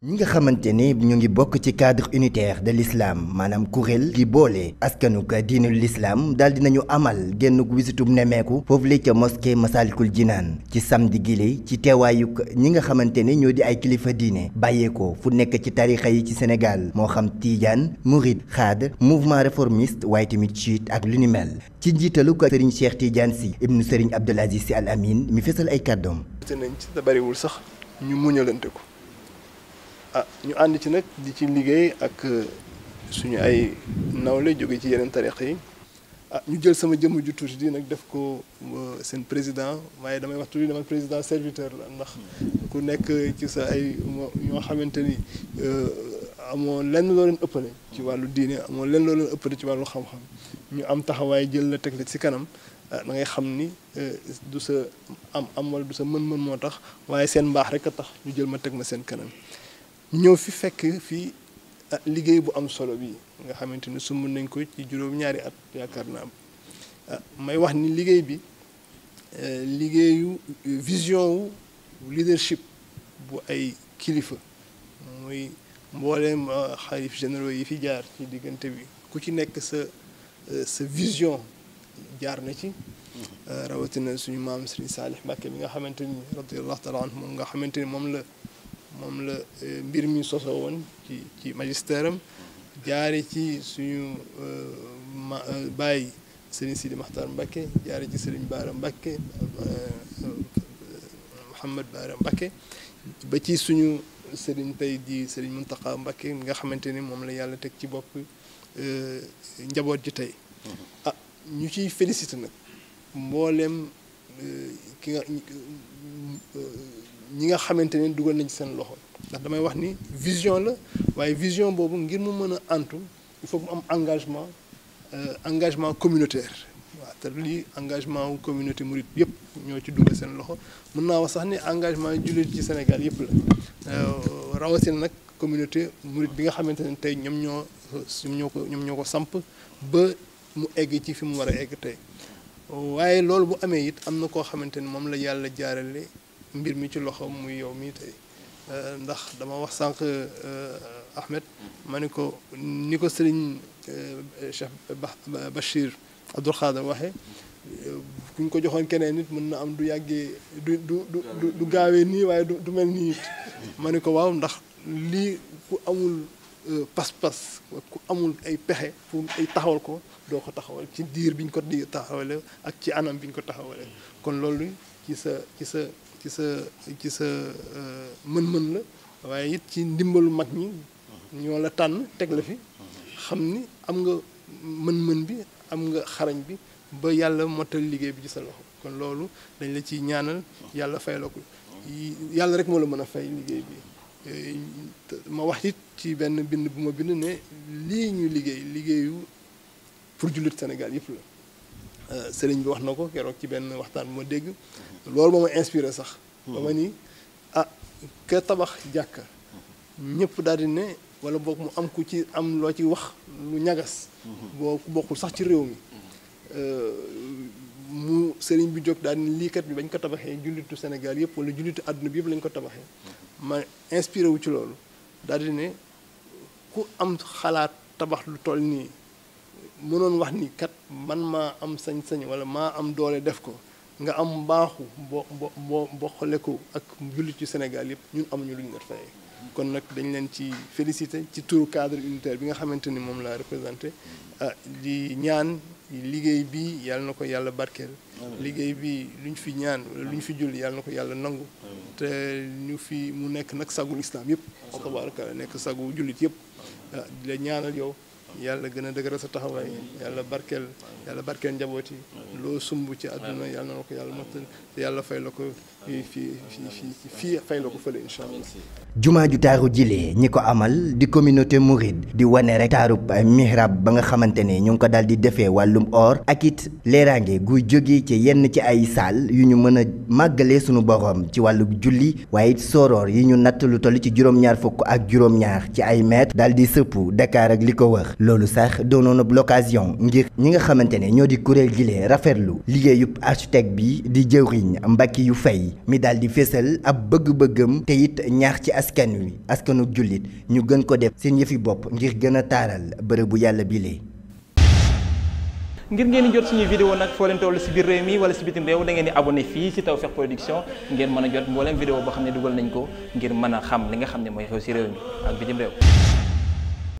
ñi nga xamante ni ñu ngi bokk ci cadre unitaire de l'islam maanaam kuréel gi boole askanuk diinul l'islam daal nañu amal génn wisitub nemeeku foofu la ca mosquée Masalikul Jinaan ci samedi gile ci teewaayuk ñi nga xamante ni ñoo di ay kilifa diine bàyyeekoo fu nekk ci tarixa yi ci Sénégal moo xam tiijaan murid xaad mouvement réformiste waaye tamit chiite ak lu ci njiitalu ko Serigne Cheikh Tidiane si ibnu Serigne Abdoul Aziz Sy Al Amin mi fesal ay kàddoom. Ah, ñu ànd ci nag di ci liggéey ak euh, suñu ay nawle jóge ci yeneen tariq yi ah, ñu jël sama jëmm ju tuuti di nag def ko euh, seen président waaye damay wax tuuti dama président serviteur la ndax ku nekk ci sa ay ñoo xamante ni euh, amoo lenn loo leen ëppale ci wàllu diine amoo lenn loo leen ëppale ci wàllu xam-xam ñu am taxawaay jël la teg la ci kanam ah, da ngay xam ni du sa am am wala du sa mën-mën moo tax waaye seen mbaax rek a tax ñu jël ma teg ma seen kanam ñëw fi fekk fii ah, liggéey bu am solo bi nga xamante ni sumb nañ ko ci juróom-ñaari at yaakaar naa ah, may wax ni liggéey bi eh, liggéeyu vision wu leadership bu ay kilifa muy mbooleem ah, xalif généraux yi fi jaar ci diggante bi ku ci nekk sa eh, sa vision jaar na ci mm-hmm. rawatina suñu maam Serigne Saalih Mbàkke bi nga xamante ni radiallahu taala anhu nga xamante ni moom la moom la euh, mbir mi soso woon ci ci magistère am jaare ci suñu euh, ma euh, bàyyi Serigne Sidi Maxtar Mbakke jaare ci Serigne Baara Mbakke Mouhamad Baara Mbakke ba ci suñu Serigne tey ji Serigne Muntaqa Mbakke nga xamante ni moom la yàlla teg ci bopp njaboot ji tey ah ñu ciy félicité nag mboolem ñi nga xamante ne dugal nañ seen loxo ndax damay wax ni vision la waaye vision boobu ngir mu mën a antu il faut mu am engagement euh, engagement communautaire waaw te engagement wu communauté mouride yëpp ñoo ci dugal seen loxo mun naa wax sax ni engagement jullit ci Sénégal yëpp la euh, rawatina nag communauté mouride bi nga xamante ne tey ñoom ñoo ñoom ñoo ko ñoom ñoo ko samp ba mu egg ci fi mu war a egg tey waaye loolu bu amee it am na koo xamante ne moom la yàlla jaarale mbir mi ci loxo muy yow mii tey euh, ndax dama wax sànq euh, Ahmed ma ni ko ni ko sëriñ euh, Cheikh Bachir Abdoul Khader waxee ku ñu ko joxoon keneen nit mën na am du yàggee du du du du gaawee nii waaye du mel nii ma ne ko waaw ndax lii ku amul pas-pas ku amul ay pexe pour ay taxawal ko doo ko taxawal ci diir bi ñu ko di taxawale ak ci anam bi ñu ko taxawale kon loolu ci sa ci sa ci sa ci sa euh, mën-mën la waaye it ci ndimbalu mag ñi ñoo la tànn teg la fi xam ni am nga mën-mën bi am nga xarañ bi ba yàlla mottal liggéey bi ci sa loxo kon loolu dañ la ciy ñaanal yàlla fay la yàlla rek moo la mën a fay liggéey bi ma wax it ci benn bind bu ma bind ne lii ñu liggéey liggéeyu pour jullit senegal yëpp la Euh, sëriñ bi wax na ko keroog ci benn waxtaan bu ma dégg loolu moo ma inspiré sax ba ma ni ah ka tabax jàkka ñëpp daal di ne wala boog mu am ku ci am loo ci wax lu ñagas boo ku bokkul sax ci réew mi euh, mu sëriñ bi jóg daal ne lii kat bi bañ ko tabaxee jullitu Sénégal yëpp wala jullitu àdduna bi yëpp lañ ko tabaxee ma inspiré wu ci loolu daldi ne ku am xalaat tabax lu toll nii mënoon wax ni kat man maa am sañ-sañ wala maa am doole def ko nga am mbaaxu bo bo bo bokkale ko ak jullit yu Sénégal yëpp ñun amuñu lu ñu la fayee kon nag dañ leen ci félicité ci turu cadre unitaire bi nga xamante ni moom laa représenté ah, di ñaan liggéey bi yàlla na ko yàlla barkeel liggéey bi lu ñu fi ñaan wala lu ñu fi julli yàlla na ko yàlla nangu te ñu fi mu nekk nag sagul islam yëpp ko tabaraka nekk sagu jullit yëpp ah, di ñaanal yow yàlla gën a dëgëral sa taxawaay yàlla barkeel yàlla barkeel njaboot yàlla na ko jumaa ju taaru jilee ñi ko amal di communauté mouride di wane rek taarub mihrab ba nga xamante ne ñu ngi ko daal di defee wàllum or ak it leeraange guy jógee ci yenn ci ay saal yu ñu mën a màggalee sunu borom ci wàllu julli waaye it sooroor yi ñu natt lu toll ci juróom-ñaar fukk ak juróom-ñaar ci ay mètre daal di sëpp Dakar ak li ko wër loolu sax doonoon ab l'occasion ngir ñi nga xamante ne ñoo di kuréel gi lee rafetlu liggéeyub architecte bi di jëwriñ mbàkki yu fay mi daal di fésal ab bëgg-bëggam te it ñaax ci askan wi askanu jullit ñu gën ko def seen yëfi bopp ngir gën a taaral bërëbu yàlla bile. ngir ngeen di jot suñuy vidéo nag foo leen toll si biir réew mi wala si bitim réew da ngeen di abonné fii si Tawfekh Production ngeen mën a jot mbooleem vidéo boo xam ne dugal nañ ko ngir mën a xam li nga xam ne mooy xew si